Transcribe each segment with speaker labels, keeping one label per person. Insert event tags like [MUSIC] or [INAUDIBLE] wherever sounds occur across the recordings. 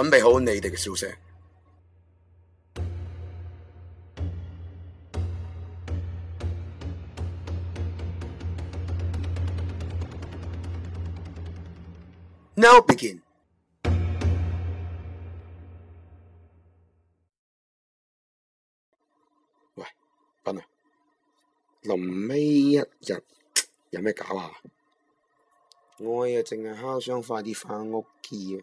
Speaker 1: 準備好你哋嘅消息。Now we'll begin。喂，斌啊，臨尾一日有咩搞啊？我啊，淨係敲想快啲翻屋企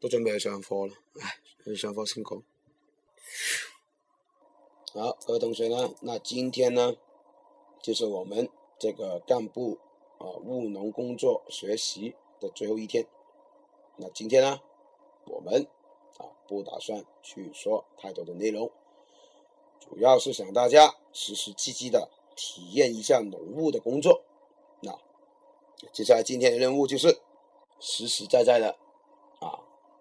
Speaker 1: 都準備上課了，唉，上課辛苦。好，各位同學呢，那今天呢，就是我們這個幹部啊、呃、務農工作學習的最後一天。那今天呢，我們啊不打算去說太多的內容，主要是想大家實實際際的體驗一下農務的工作。那接下來今天的任務就是實實在在的。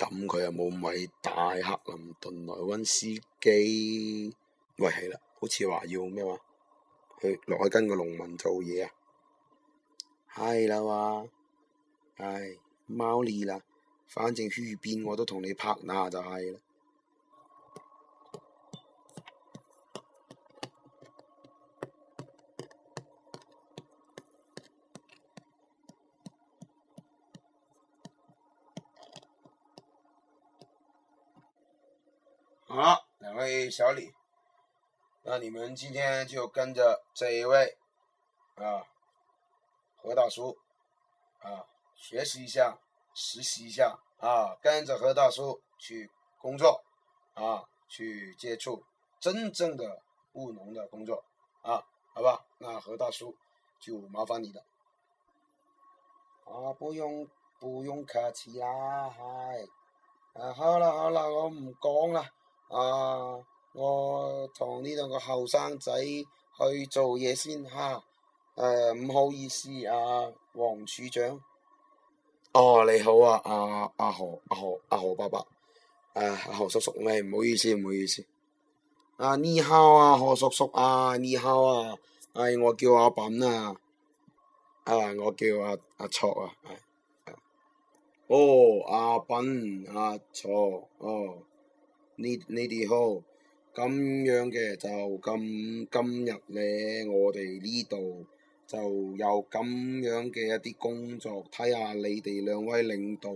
Speaker 1: 咁佢又冇米大克林頓萊溫斯基喂棄啦，好似話要咩話，去落去跟個農民做嘢啊！係啦哇，唉，貓膩啦，反正去邊我都同你拍嗱，就係啦。喂、hey，小李，那你們今天就跟着這一位啊，何大叔啊，學習一下，實習一下啊，跟着何大叔去工作啊，去接觸真正的務農的工作啊，好吧？那何大叔就麻煩你了啊，不用，不用客氣啦，嗨、哎。啊，好了好了，我不講了。啊！我同呢兩個後生仔去做嘢先嚇。誒、啊、唔、啊、好意思啊，黃處長。哦，你好啊，阿阿何阿何阿何伯伯。啊，阿何、啊何、啊何、啊、何叔叔，你唔好意思唔好意思。啊你好啊何叔叔，啊你好啊，係、哎、我叫阿品啊。啊我叫阿阿卓啊、啊、啊。哦，阿品阿卓哦。啊啊啊啊啊啊啊你，你哋好，咁樣嘅就咁今日咧，我哋呢度就有咁樣嘅一啲工作，睇下你哋兩位領導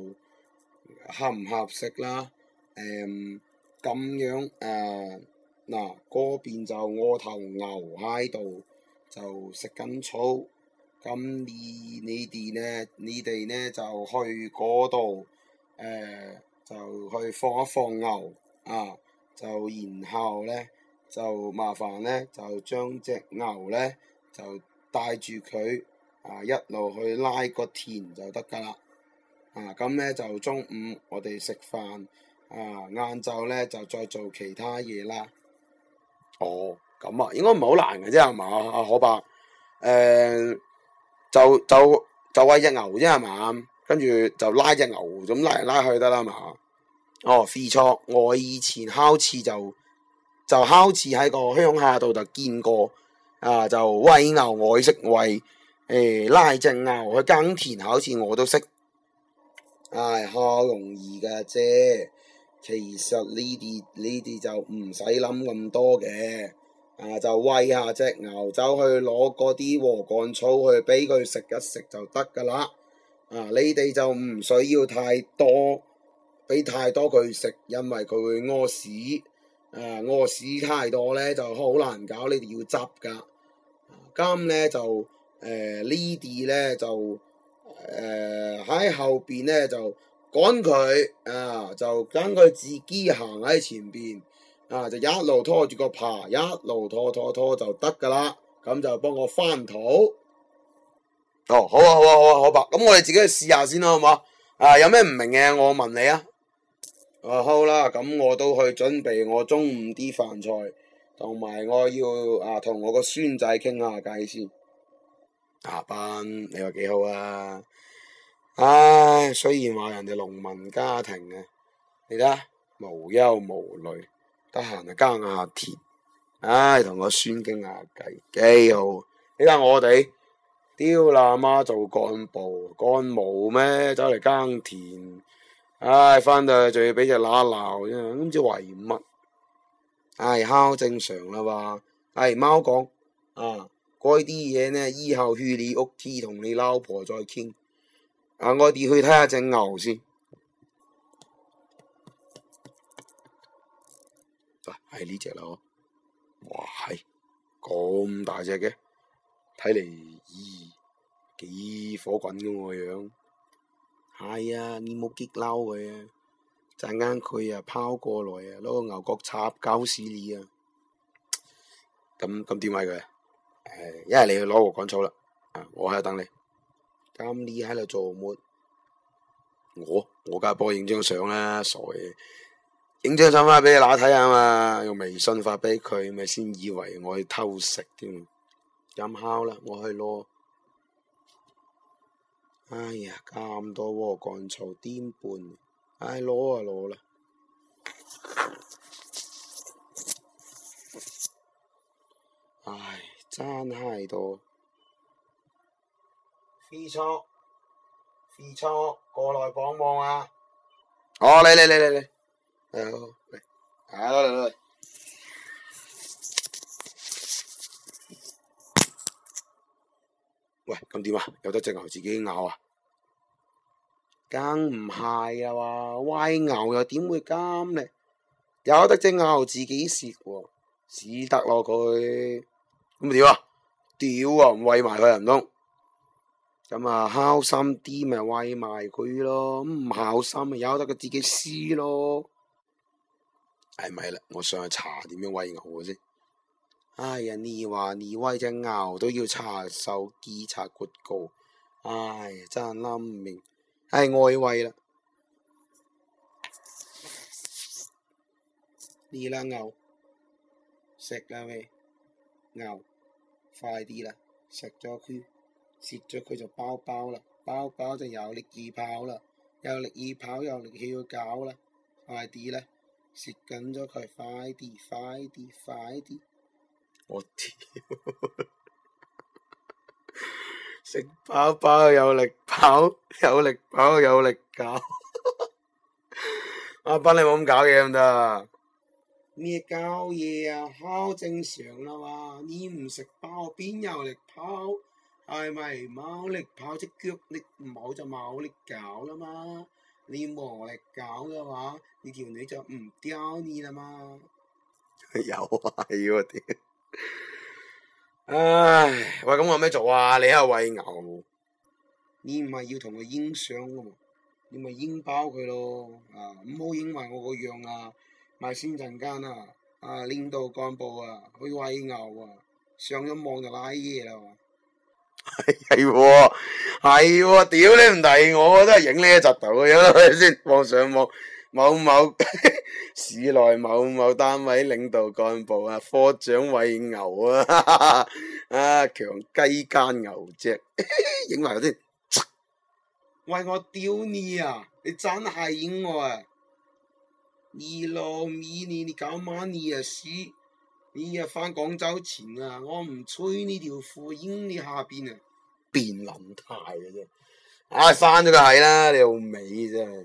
Speaker 1: 合唔合適啦？誒、嗯、咁樣誒嗱嗰邊就我頭牛喺度就食緊草，咁你你哋咧，你哋咧就去嗰度誒就去放一放牛。啊！就然後咧，就麻煩咧，就將隻牛咧，就帶住佢啊一路去拉個田就得噶啦。啊咁咧就中午我哋食飯，啊晏晝咧就再做其他嘢啦。哦，咁啊，應該唔係好難嘅啫，係嘛，啊，可伯。誒、呃，就就就餵隻牛啫，係嘛？跟住就拉隻牛，咁拉拉去得啦，係嘛？哦，冇錯，我以前烤翅，就就烤翅喺個鄉下度就見過，啊，就餵牛我識餵，誒、欸、拉隻牛去耕田好似我都識，唉、哎，好容易噶啫。其實呢啲呢啲就唔使諗咁多嘅，啊就餵下隻牛，走去攞嗰啲禾稈草去俾佢食一食就得噶啦。啊，你哋就唔需要太多。俾太多佢食，因為佢會屙屎，啊、呃，屙屎太多咧就好難搞，你哋要執噶。咁咧就誒、呃、呢啲咧就誒喺、呃、後邊咧就趕佢，啊、呃、就等佢自己行喺前邊，啊、呃、就一路拖住個爬，一路拖拖拖就得噶啦。咁就幫我翻土。哦，好啊，好啊，好啊，好吧，咁我哋自己去試下先啦，好唔好啊？有咩唔明嘅，我問你啊。啊，好啦，咁我都去準備我中午啲飯菜，同埋我要啊，同我個孫仔傾下偈先。阿班，你話幾好啊？唉，雖然話人哋農民家庭啊，你睇下，無憂無慮，得閒啊耕下田，唉，同個孫傾下偈，幾好。你睇下我哋，丟啦媽媽做幹部幹務咩？走嚟耕田。唉、哎，返到去仲要俾隻乸鬧，啫，真係都唔知為乜。唉，烤正常啦吧。唉、哎，貓講，啊，嗰啲嘢呢，以後去你屋企同你老婆再傾。啊，我哋去睇下隻牛先。啊，係呢隻啦，哇，係咁大隻嘅，睇嚟，咦，幾火滾嘅我個樣。係啊，你冇激嬲佢啊！陣間佢又拋過來啊，攞個牛角插鳩屎你啊！咁咁點解佢？誒、啊，一係你去攞個乾草啦，啊，我喺度等你。咁你喺度做乜？我我梗係幫影張相啦，傻嘅！影張相翻去俾你乸睇下嘛，用微信發俾佢，咪先以為我去偷食添。咁好啦，我去攞。哎呀，咁多鍋乾草癲半，哎攞啊攞啦，啊！哎，真係多！非冲，非冲，過來幫忙啊！好，嚟嚟嚟嚟嚟，嚟，好，嚟，係咯嚟嚟。喂，咁點啊？有得隻牛自己咬啊？梗唔係啊！話喂牛又點會噉呢？有得隻牛自己食喎，屎得落佢咁啊？點啊？屌啊！唔喂埋佢唔通？咁啊，孝心啲咪喂埋佢咯？咁唔孝心咪由得佢自己食咯？係咪啦？我上去查點樣喂牛先？哎呀，你話你喂隻牛都要查手機查骨告 go，唉、哎，真係諗唔明。係外圍啦，嚟啦牛，食啦未？牛，快啲啦！食咗佢，食咗佢就包包啦，包包就有力氣跑啦，有力氣跑有力氣要搞啦，快啲啦！食緊咗佢，快啲，快啲，快啲！我屌！ [LAUGHS] 食飽飽有力跑，有力跑有，有力搞。阿 [LAUGHS] 斌你冇咁搞嘢咁得。咩搞嘢啊？好正常啦嘛。你唔食飽邊有力跑？係咪冇力跑隻腳？你冇就冇力搞啦嘛。你無力搞嘅話，你條女就唔屌你啦嘛。有 [LAUGHS] 啊！我哋。唉、uh,，喂，咁我有咩做啊？你喺度餵牛，你唔係要同我影相嘅嘛？你咪影包佢咯，啊，唔好影埋我個樣啊！咪先陣間啊，啊，領導幹部啊，佢餵牛啊，上咗網就拉嘢啦。係、啊、係，係， [LAUGHS] 屌你唔嚟，我真係影呢一柒頭嘅樣先放上網。某某市內 [LAUGHS] 某某單位領導幹部啊，科長餵牛啊，呵呵啊強雞奸牛隻，影埋佢先。喂我屌你啊！你真係影我啊！二老咪你你搞乜你啊屎！你啊翻廣州前啊，我唔吹呢條褲，影你下邊啊，變林太嘅啫。
Speaker 2: 唉、啊，刪咗佢係啦，
Speaker 1: 你老味啫。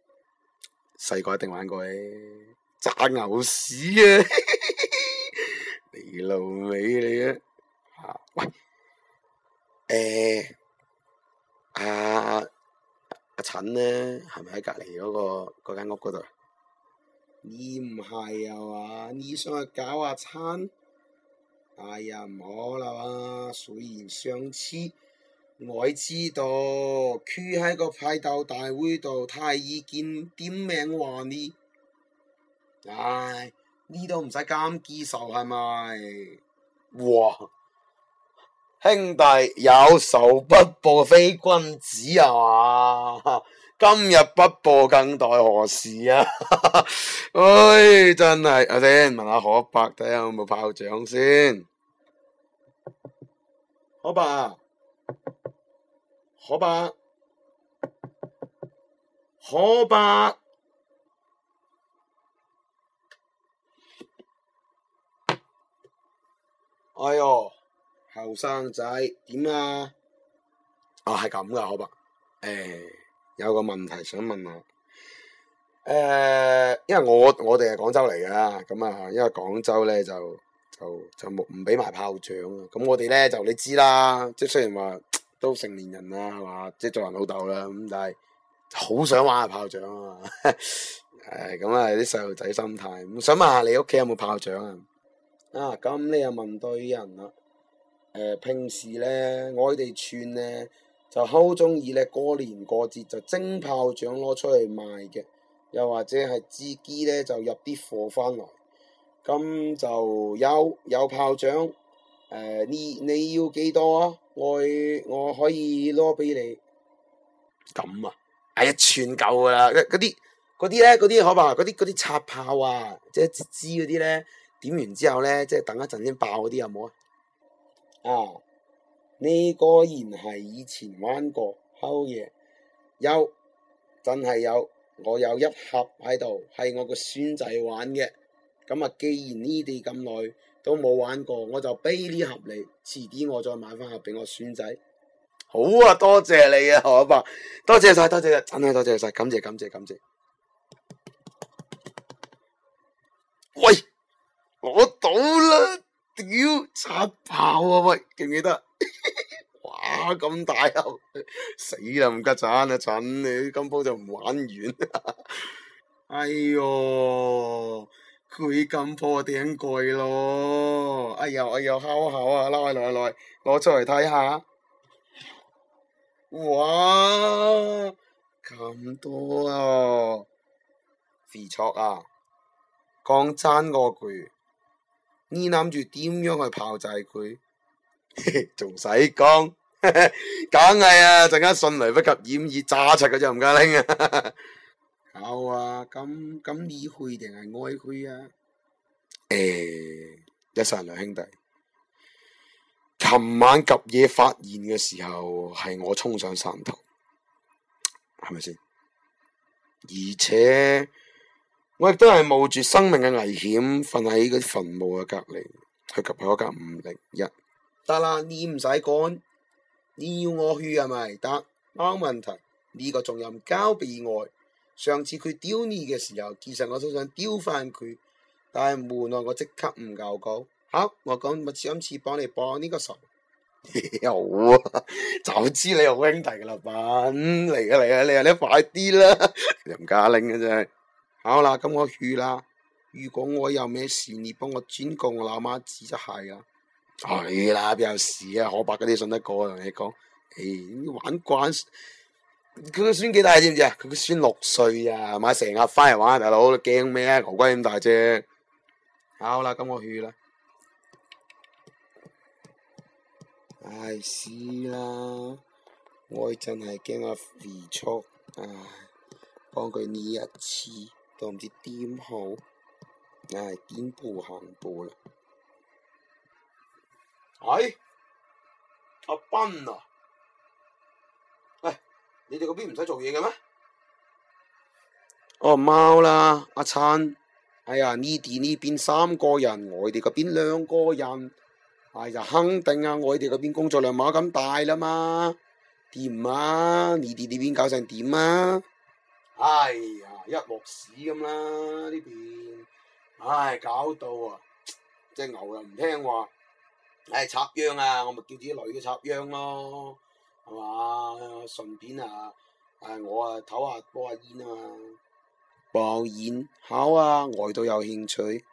Speaker 1: 細個一定玩過咧，炸牛屎啊！呵呵你老味你啊，吓喂，誒、欸，阿阿陳咧，係咪喺隔籬嗰、嗰個間屋嗰度？你唔係啊嘛，你想去搞下、啊、餐？哎呀，唔好啦嘛，水緣相思。我知道佢喺個派鬥大會度太意見，點名話你，唉、哎，呢度唔使咁記仇係咪？哇，兄弟有仇不報非君子啊嘛，今日不報更待何時啊？唉、 [LAUGHS] 哎，真係我先問，問下何伯睇下有冇炮仗先，何伯、啊。可白，可白，哎喲，後生仔，點啊？啊係咁噶，可白，誒、欸，有個問題想問下，誒、欸，因為我我哋係廣州嚟噶，咁啊，因為廣州咧就。就就冇唔俾埋炮仗啊！咁我哋咧就你知啦，即係雖然話都成年人啦，係嘛，即係做人老豆啦，咁但係好想玩下炮仗啊！誒，咁啊啲細路仔心態，咁想問下你屋企有冇炮仗啊？啊，咁你又問對人啦！誒、呃，平時咧我哋串咧就好中意咧過年過節就蒸炮仗攞出去賣嘅，又或者係自己咧就入啲貨翻來。咁就有有炮仗，誒、呃、你你要幾多啊？我我可以攞俾你。咁啊，係一串夠噶啦，嗰啲嗰啲咧，嗰啲可怕，嗰啲嗰啲拆炮啊，即係截支嗰啲咧，點完之後咧，即係等一陣先爆嗰啲有冇啊？啊，呢個果然係以前玩過，好嘢，有，真係有，我有一盒喺度，係我個孫仔玩嘅。咁啊！既然呢啲咁耐都冇玩過，我就俾呢盒你，遲啲我再買翻盒俾我孫仔。好啊，多謝你啊，何伯，多謝晒，多謝晒，真係多謝晒，感謝感謝感謝。喂，我到啦！屌，刷爆啊！喂，記唔記得？ [LAUGHS] 哇，咁大口，死啦！唔夾鏟啊，鏟你今鋪就唔玩完。哎喲～佢咁破頂怪咯，哎呀哎呀，烤，烤來來來來下啊， [LAUGHS] 要 [LAUGHS] 啊，下，攞嚟攞嚟攞出嚟睇下，哇，咁多啊，肥卓啊，講真個句，你諗住點樣去炮製佢？仲使講，梗係啊，陣間迅雷不及掩耳炸出嗰隻吳家拎啊！ [LAUGHS] 有、哦、啊，咁咁你去定係我去啊？誒、欸，一世兩兄弟。琴晚及嘢發現嘅時候，係我衝上山頭，係咪先？而且我亦都係冒住生命嘅危險，瞓喺嗰啲墳墓嘅隔離去及喺嗰間五零一得啦。你唔使講，你要我去係咪？得，冇問題。呢、這個重任交俾我。上次佢丟你嘅時候，其實我都想丟翻佢，但係無奈我即刻唔夠高。好、啊，我講我上次幫你幫呢個仇，有 [LAUGHS] 啊，就知你好兄弟嘅啦，品、嗯、嚟啊嚟啊嚟啊，你快啲啦，唔加拎嘅啫。好啦、啊，咁我去啦。如果我有咩事，你幫我轉告我老媽子就係啦、啊。係、哎、啦，邊有事啊？我白個都信得過同你講。誒、哎，玩關。佢個孫幾大知唔知啊？佢個孫六歲啊，買成日翻嚟玩啊，大佬驚咩啊？牛龜咁大隻，好啦，咁我去啦。唉，死啦！我真係驚阿肥叔，唉，幫佢呢一次都唔知點好，唉，見步行步啦。哎，阿斌啊！你哋嗰邊唔使做嘢嘅咩？哦，貓啦，阿燦，哎呀，呢啲呢邊三個人，我哋嗰邊兩個人，哎呀，肯定啊，我哋嗰邊工作量冇咁大啦嘛。掂啊？你哋呢邊搞成點啊？哎呀，一鑊屎咁啦呢邊，唉、哎，搞到啊，隻牛又唔聽話，哎呀，插秧啊，我咪叫自己女去插秧咯。係、啊、嘛？順便啊，誒、啊，我啊，唞下煲下煙啊嘛。包煙好啊，我都有興趣，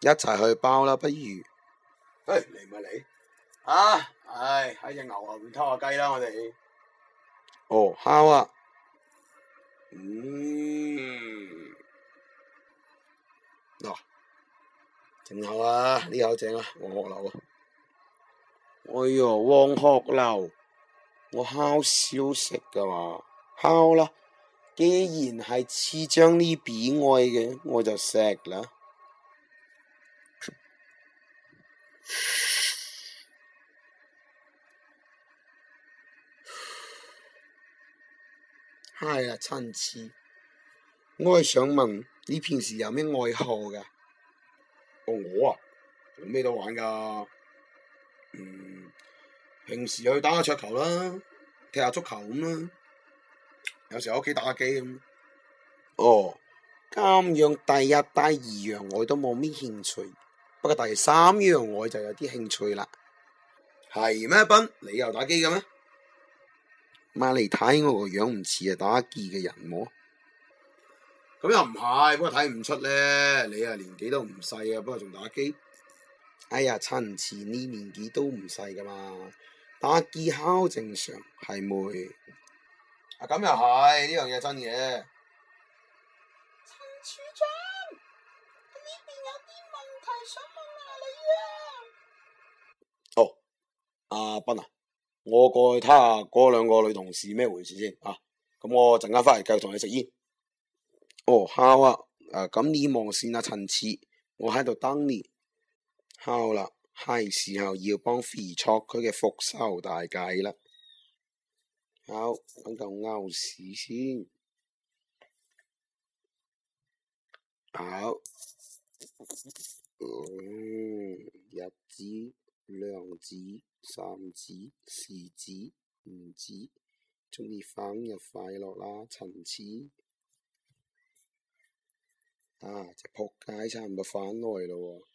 Speaker 1: 一齊去包啦，不如？嘿，嚟咪嚟，啊，係喺隻牛下面偷下雞啦，我哋。哦，好啊。嗯，嗱、啊，真好啊，呢、這、口、個、正啊，黃鶴樓啊。哎呀，黃鶴樓。我烤燒食噶嘛，烤啦！既然係痴張呢比愛嘅，我就錫啦。係啦，親痴。我係想問你平時有咩愛好噶？哦，我啊，冇咩都玩噶。嗯。平時去打下桌球啦，踢下足球咁啦，有時喺屋企打下機咁。哦，咁樣第一、第二樣我都冇咩興趣，不過第三樣我就有啲興趣啦。係咩？斌，你又打機嘅咩？咪嚟睇我個樣唔似係打機嘅人喎。咁又唔係，不過睇唔出咧。你啊年紀都唔細啊，不過仲打機。哎呀，差唔似呢年紀都唔細噶嘛。打機好正常係咪？啊咁又係，呢樣嘢真嘢？陳處長，佢呢邊有啲問題想問下你，啊、哦，阿斌啊，Banner, 我過去睇下嗰兩個女同事咩回事先啊。咁我陣間翻嚟繼續同你食煙。哦，好啊。誒，咁你望線啊，看看陳次，我喺度等你。好啦，啊。係時候要幫肥卓佢嘅復仇大計，嗯、啦。好，等到牛屎先。好，日子、娘子、三子、四子、五子，祝你生日快樂啦！陳子，啊，隻撲街差唔多返來咯喎。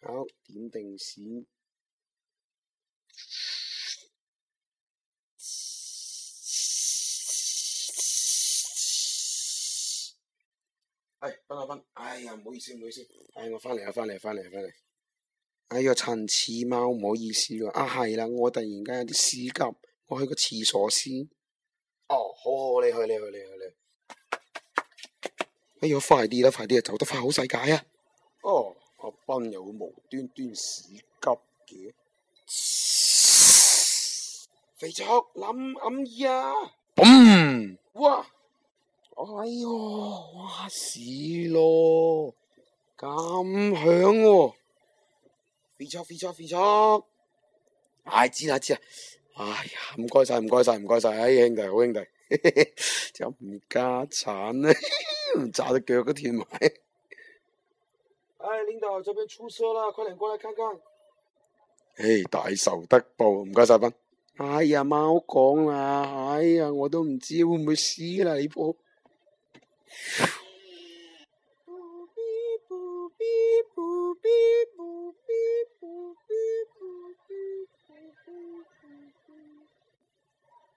Speaker 1: 好點定線、哎？哎，分下分。哎呀，唔好意思，唔好意思。哎，我返嚟啦，返嚟，返嚟，返嚟。哎呀，陳似貓，唔好意思喎、啊。啊，係啦，我突然間有啲屎急，我去個廁所先。哦，好好，你去，你去，你去，你去。哎呀，快啲啦，快啲啊，走得快好世界啊。哦。阿斌有無端端屎急嘅？肥卓諗暗意啊！哇！哎喲，哇屎咯！咁響喎！肥卓肥卓肥卓！哎，知啦知啦！哎呀，唔該晒唔該晒唔該晒，哎，兄弟好兄弟，有唔家產咧，炸到腳都跌埋。哎，領導，這邊出車啦，快點過來看看。哎，大仇得報，唔該晒噃。哎呀，冇講啦，哎呀，我都唔知會唔會死啦你！波。 [LAUGHS]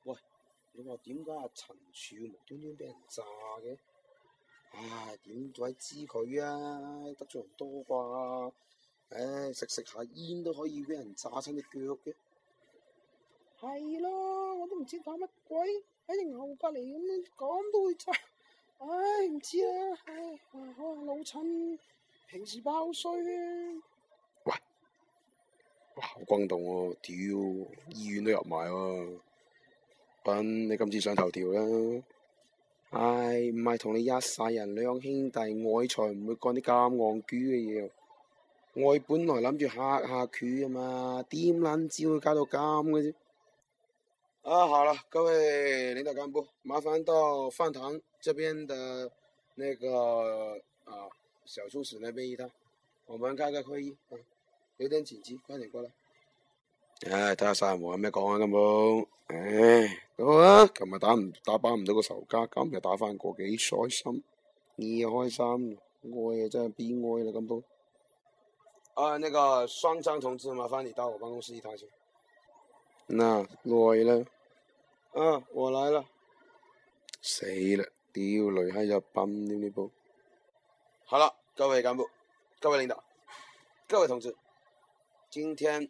Speaker 1: 喂，你話點解阿陳柱無端端俾人炸嘅？唉、啊，點鬼知佢啊？得罪人多啩？唉、哎，食食下煙都可以俾人炸親隻腳嘅、啊。係咯，我都唔知打乜鬼喺隻牛隔離咁，咁講都會炸。唉、哎，唔知啦。唉、哎，可能老襯平時包衰、啊、喂！哇，好轟動喎、啊！屌，醫院都入埋喎、啊。等你今次上頭條啦。唉，唔係同你一世人兩兄弟，我才唔會幹啲咁戇居嘅嘢。我本來諗住嚇下佢啊嘛，點撚知會搞到咁嘅啫。啊，好啦，各位領導幹部，麻煩到飯堂這邊的那個啊，小廁所那邊一趟，我們隔隔開個會議啊，有點緊急，快點過來。唉、哎，睇下殺人有咩講啊，金寶。唉，好啊，琴日打唔打翻唔到個仇家，今日打翻個，幾開心。你開心，我啊真係悲哀啦，金寶。啊，呢、那個雙張同志，麻煩你到我辦公室一趟先。嗱、啊，來啦。啊，我來了。死啦！屌，雷喺又笨呢啲寶。好了，各位幹部，各位領導，各位同志，今天。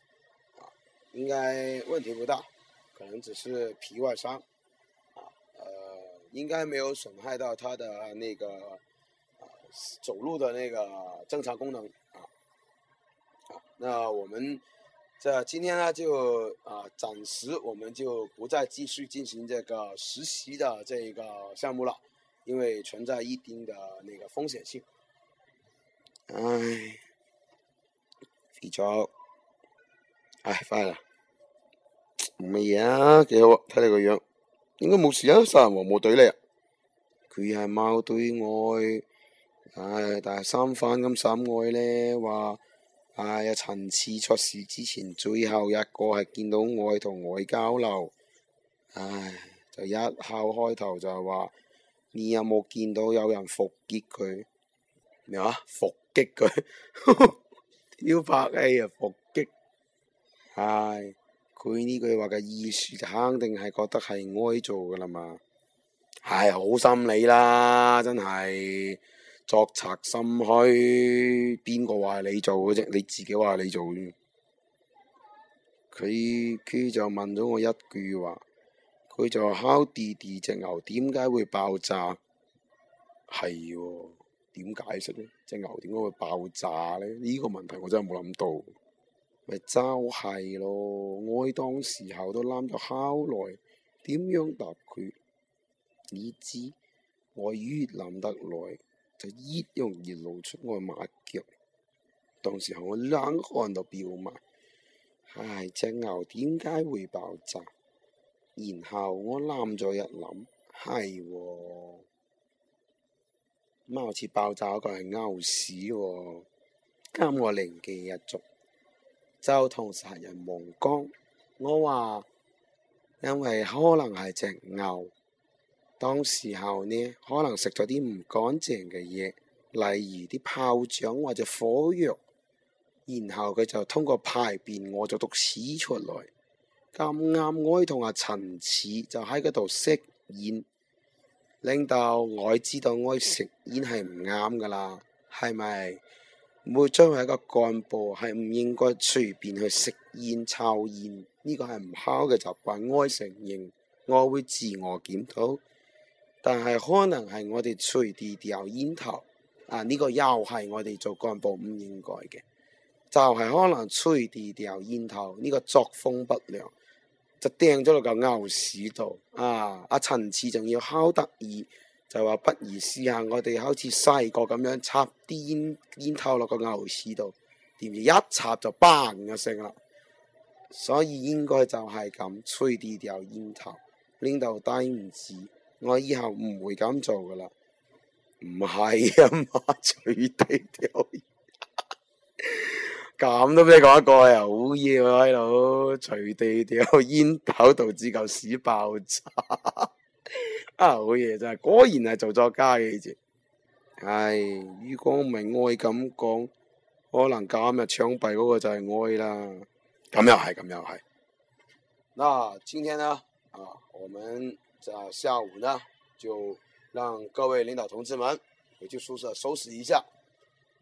Speaker 1: 應該問題不大，可能只是皮外傷，啊，呃，應該沒有損害到他的那個，啊、走路的那個、啊、正常功能，啊，啊，那我們這今天呢就啊，暫時我們就不再繼續進行這個實習的這一個項目了，因為存在一定的那個風險性，哎，比較。唉，快啦，唔乜嘢啊，幾好啊，睇你個樣，應該冇事啊，殺人王冇對你咧，佢係貓對愛，唉，但係三番咁審愛呢話，唉，陳次出事之前最後一個係見到愛同愛交流，唉，就一敲開頭就話，你有冇見到有人伏擊佢？咩話，伏擊佢，要 [LAUGHS] 拍戲啊伏擊。係、哎，佢呢句話嘅意思就肯定係覺得係我喺做噶啦嘛，係、哎、好心理啦，真係作賊心虛，邊個話你做嘅啫？你自己話你做，佢佢就問咗我一句話，佢就考弟弟隻牛點解會爆炸？係，點解釋咧？隻牛點解會爆炸呢？呢、呢個問題我真係冇諗到。咪就係、是、咯，我當時候都諗咗好耐，點樣答佢，你知。我越諗得耐，就越容易露出我嘅馬腳。當時候我冷汗都飆埋，唉，隻牛點解會爆炸？然後我諗咗一諗，係喎、哦，貌似爆炸嗰個係牛屎喎，啱我靈機一觸。就同殺人亡光。我話因為可能係隻牛，當時候呢可能食咗啲唔乾淨嘅嘢，例如啲炮仗或者火藥，然後佢就通過排便屙咗毒屎出來，咁啱我同阿陳似就喺嗰度食煙，領導我知道我食煙係唔啱噶啦，係咪？唔會將為一個幹部係唔應該隨便去食煙、抽煙，呢、這個係唔好嘅習慣。我會承認，我會自我檢討，但係可能係我哋隨地掉煙頭，啊呢、這個又係我哋做幹部唔應該嘅，就係、是、可能隨地掉煙頭呢、這個作風不良，就掟咗落嚿牛屎度啊！啊層次仲要烤得意。就話不如試下我哋好似細個咁樣插啲煙煙頭落個牛屎度，點知一插就嘣一聲啦！所以應該就係咁，吹地掉煙頭拎到低唔止，我以後唔會咁做噶啦。唔係啊嘛，隨地掉煙，咁都俾你講一個啊！好嘢喎，喺度隨地掉煙頭導致嚿屎爆炸。 [LAUGHS] 啊好嘢真係，果然係做作家嘅字。係、哎、如果唔係愛咁講，可能咁又槍斃嗰個就係愛啦。咁又係，咁又係。那今天呢？啊，我們在下午呢就讓各位領導同志們回去，去宿舍收拾一下。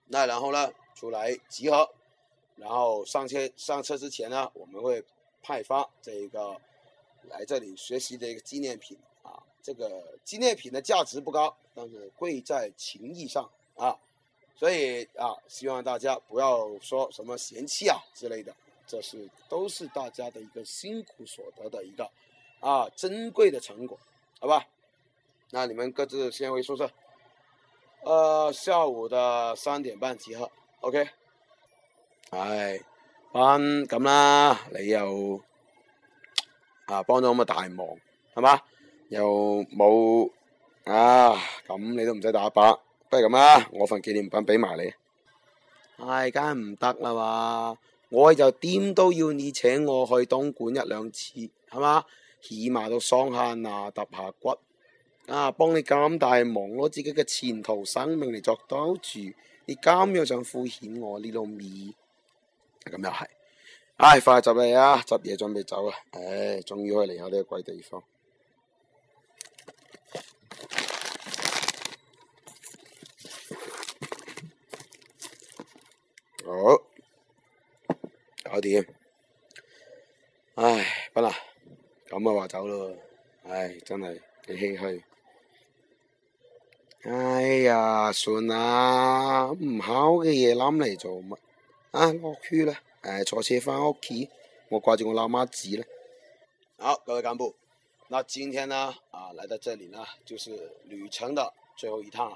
Speaker 1: 那然後呢，出來集合，然後上車。上車之前呢，我們會派發這一個來這裏學習的一個紀念品。這個紀念品的價值不高，但是貴在情誼上啊！所以啊，希望大家不要說什麼嫌棄啊之類的，這是都是大家的一個辛苦所得的一個啊珍貴的成果，好吧？那你們各自先回宿舍，呃，下午的三點半集合，OK？哎，分咁啦，你又啊幫咗我們大忙，好嘛？又冇啊！咁你都唔使打靶，不如咁啦，我份紀念品俾埋你。唉、哎，梗係唔得啦嘛！我就點都要你請我去東莞一兩次，係嘛？起碼都桑下牙、揼下骨啊！幫你咁大忙，攞自己嘅前途、生命嚟作賭注。你咁樣想敷衍我，呢？老味！咁又係，唉！快執嚟啊！執嘢、哎啊、準備走啊！唉、哎，終於可以離開呢個鬼地方。好，搞掂。唉，不啦，咁啊話走咯。唉，真係唏噓。哎呀，算啦，唔好嘅嘢諗嚟做乜？啊，攞去啦，唉，坐車翻屋企。我掛住我老媽子啦。好，各位幹部，那今天呢，啊，來到這裡呢，就是旅程的最後一趟。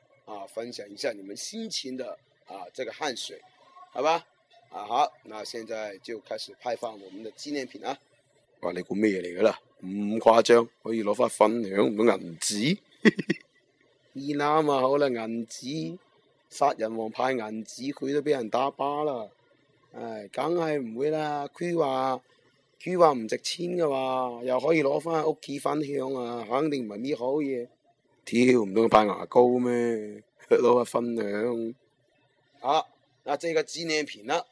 Speaker 1: 啊，分享一下你們辛勤的，啊，這個汗水，好吧，啊好，那現在就開始派發我們的紀念品啊。話你估咩嚟噶啦？唔誇張，可以攞翻分享咁、嗯、銀紙。二諗啊好啦，銀紙，殺人王派銀紙，佢都俾人打巴啦。唉、哎，梗係唔會啦。佢話佢話唔值錢嘅話，又可以攞翻屋企分享啊，肯定唔係咩好嘢。挑唔到個白牙膏咩？攞一分兩。好，那這個紀念品呢，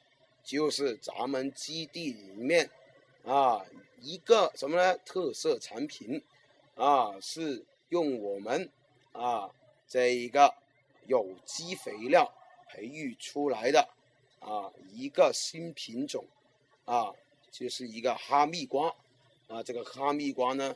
Speaker 1: 就是咱們基地裏面啊一個什麼呢？特色產品啊，是用我們啊這一個有機肥料培育出來的啊一個新品種啊，就是一個哈密瓜啊。這個哈密瓜呢？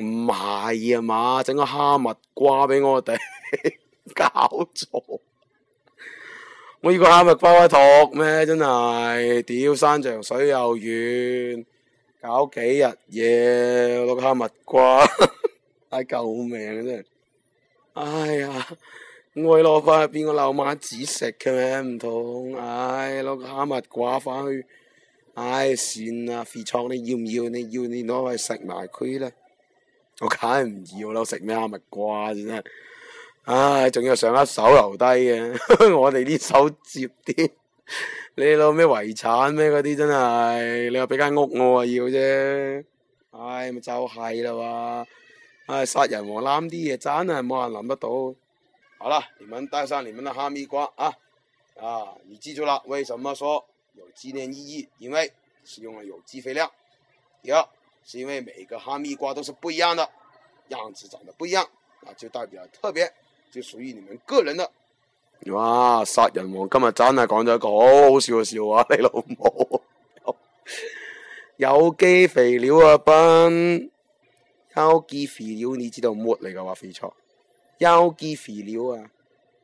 Speaker 1: 唔係啊嘛，整個哈密瓜畀我哋 [LAUGHS] 搞錯。我要個哈密瓜喂托咩？真係屌山長水又遠，搞幾日嘢攞個哈密瓜，唉 [LAUGHS] 救命啊真係！哎呀，唉攞翻去邊個老馬子食嘅咩？唔同，唉、哎、攞個哈密瓜翻去，唉、哎、算啦肥倉，你要唔要？你要你攞去食埋佢啦。我梗係唔要啦，我食咩哈密瓜啫！唉，仲要上一手留低嘅，我哋啲手接啲，你老咩遺產咩嗰啲真係，你話俾間屋我啊要啫，唉，咪就係啦哇！唉，殺人和攬啲嘢，真係冇人諗得到。好啦，你們帶上你們的哈密瓜啊！啊，你記住啦，為什麼說有紀念意義？因為使用了有機肥料。第二。是因為每個哈密瓜都是不一樣的，樣子長得不一樣，啊，就代表特別就屬於你們個人的。哇！殺人王今日真係講咗一個好好笑嘅笑話，啊，你老母有機肥料啊，笨！有機肥料你知道乜嚟嘅話，肥錯有機肥料啊，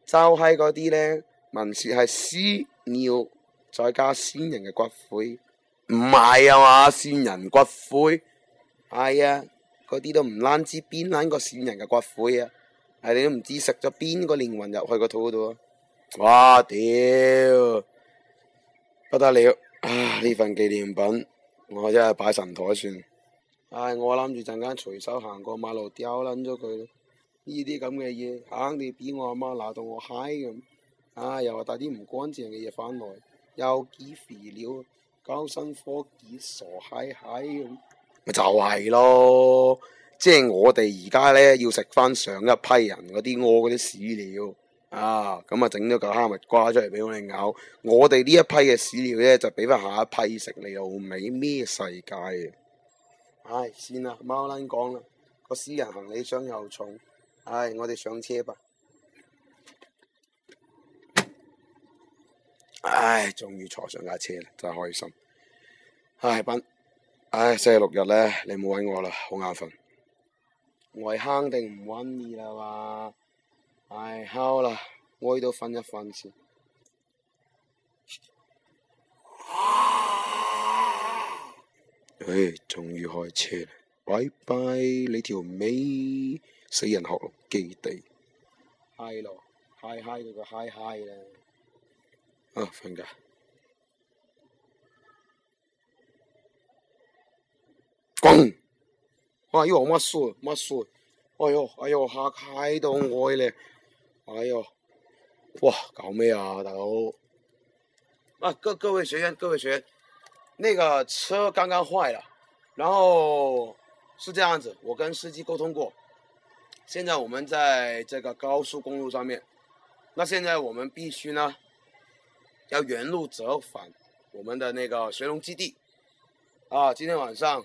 Speaker 1: 就係嗰啲咧，聞說係屎尿再加先人嘅骨灰，唔係啊嘛，先人骨灰。係、哎、啊，嗰啲都唔撚知邊撚個善人嘅骨灰啊！係你都唔知食咗邊個靈魂入去個肚度啊！哇屌、啊，不得了啊！呢份紀念品，我真係擺神台算。唉、哎，我諗住陣間隨手行過馬路丟撚咗佢。呢啲咁嘅嘢，肯定俾我阿媽鬧到我嗨咁。啊，又話帶啲唔乾淨嘅嘢返來，又幾肥料，高新科技傻閪閪咁。咪就係、是、咯，即係我哋而家咧要食翻上一批人嗰啲屙嗰啲屎尿，啊咁啊整咗個哈密瓜出嚟俾我哋咬，我哋呢一批嘅屎尿咧就俾翻下一批食，你又美咩世界？唉、哎，算啦，貓捻講啦，個私人行李箱又重，唉、哎，我哋上車吧。唉、哎，終於坐上架車啦，真開心。唉、哎，班。唉、哎，星期六日咧，你唔好搵我啦，好眼瞓。我肯定唔搵你啦，哇！唉，好啦，我都瞓一瞓先。唉、哎，終於開車啦！拜拜，你條尾死人，學路基地。嗨咯，嗨嗨嗰個嗨嗨啦，啊，瞓覺。滾！ [COUGHS] 哎呦，媽蘇媽蘇！哎呦，哎呦，吓開動我嘞！哎呦，哇，搞咩啊，大佬？啊，各各位學員，各位學員，那個車剛剛壞了，然後是這樣子，我跟司機溝通過，現在我們在這個高速公路上面，那現在我們必須呢，要原路折返我們的那個隨龍基地，啊，今天晚上。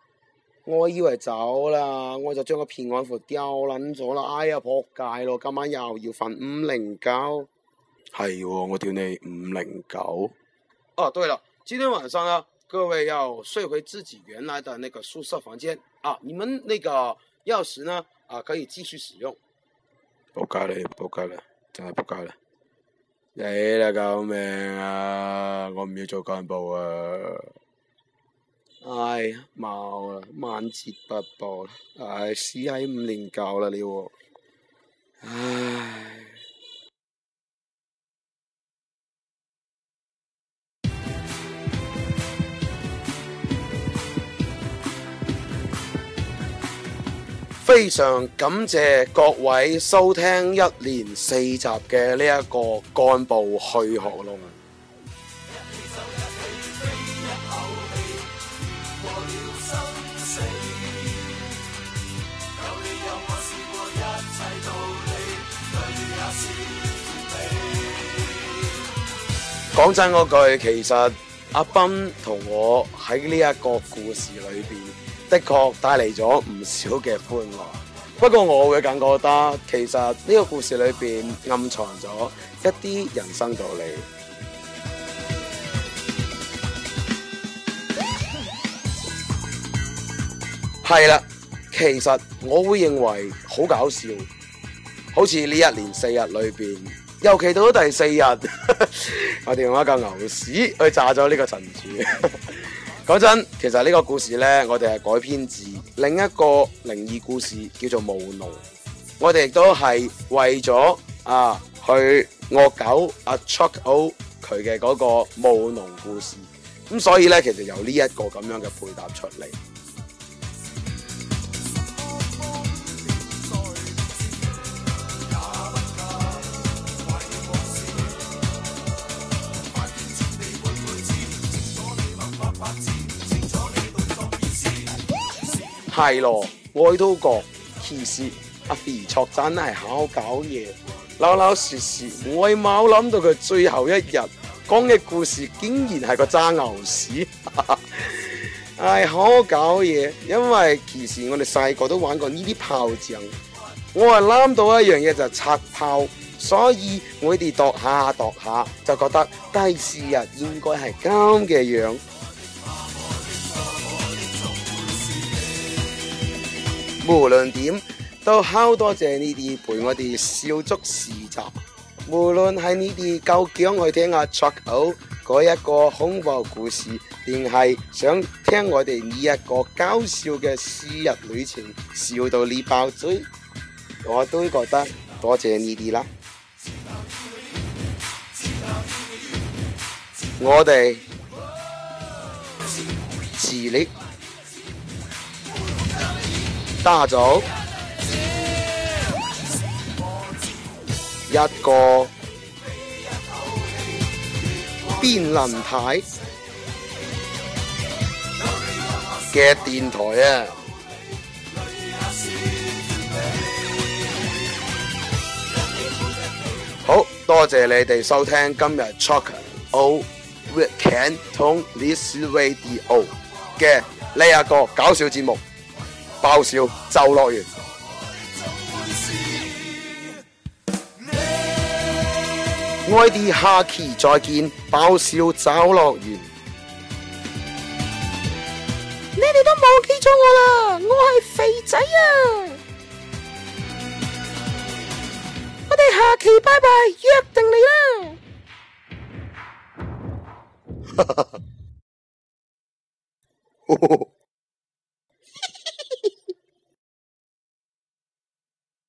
Speaker 1: 我以為走啦，我就將個平安符丟撚咗啦，哎呀，撲街咯，今晚又要瞓五零九。係，我屌你五零九。哦，對了，今天晚上呢，各位要睡回自己原來的那個宿舍房間啊，你們那個鑰匙呢，啊可以繼續使用。撲街啦，撲街啦，真係撲街啦。你啦救命啊，我唔要做幹部啊。唉，呀，冇啦，晚節不保啦！唉，死喺五年教啦你喎！唉，非常感謝各位收聽一連四集嘅呢一個幹部去學囉。講真嗰句，其實阿斌同我喺呢一個故事裏邊，的確帶嚟咗唔少嘅歡樂。不過我會更覺得，其實呢個故事裏邊暗藏咗一啲人生道理。係啦，其實我會認為好搞笑，好似呢一年四日裏邊。尤其到咗第四日， [LAUGHS] 我哋用一嚿牛屎去炸咗呢個陳柱。講真，其實呢個故事咧，我哋係改編自另一個靈異故事，叫做《冒農》我。我哋亦都係為咗啊，去惡搞啊 check out 佢嘅嗰個冒農故事。咁所以咧，其實由呢一個咁樣嘅配搭出嚟。係咯，我都覺，其實阿肥卓真係好搞嘢，老老實實，我冇諗到佢最後一日講嘅故事竟然係個揸牛屎，係、 [LAUGHS] 哎、好搞嘢，因為其實我哋細個都玩過呢啲炮仗，我係諗到一樣嘢就拆炮，所以我哋度下度下就覺得第四日應該係咁嘅樣，的樣。無論點都好，多謝你哋陪我哋笑足時集。無論係你哋究竟去聽阿卓口嗰一個恐怖故事，定係想聽我哋呢一個搞笑嘅私入旅程，笑到你爆嘴，我都覺得多謝你哋啦。 [MUSIC] 我哋自力。大早一個邊輪台嘅電台啊！好多謝你哋收聽今日 Chock O Weekend 通 This Video 嘅呢一個搞笑節目。爆笑就樂園，我哋下期再見！爆笑找樂園，你哋都忘記咗我啦！我係肥仔啊！我哋下期拜拜，約定你啦！哈哈，哦。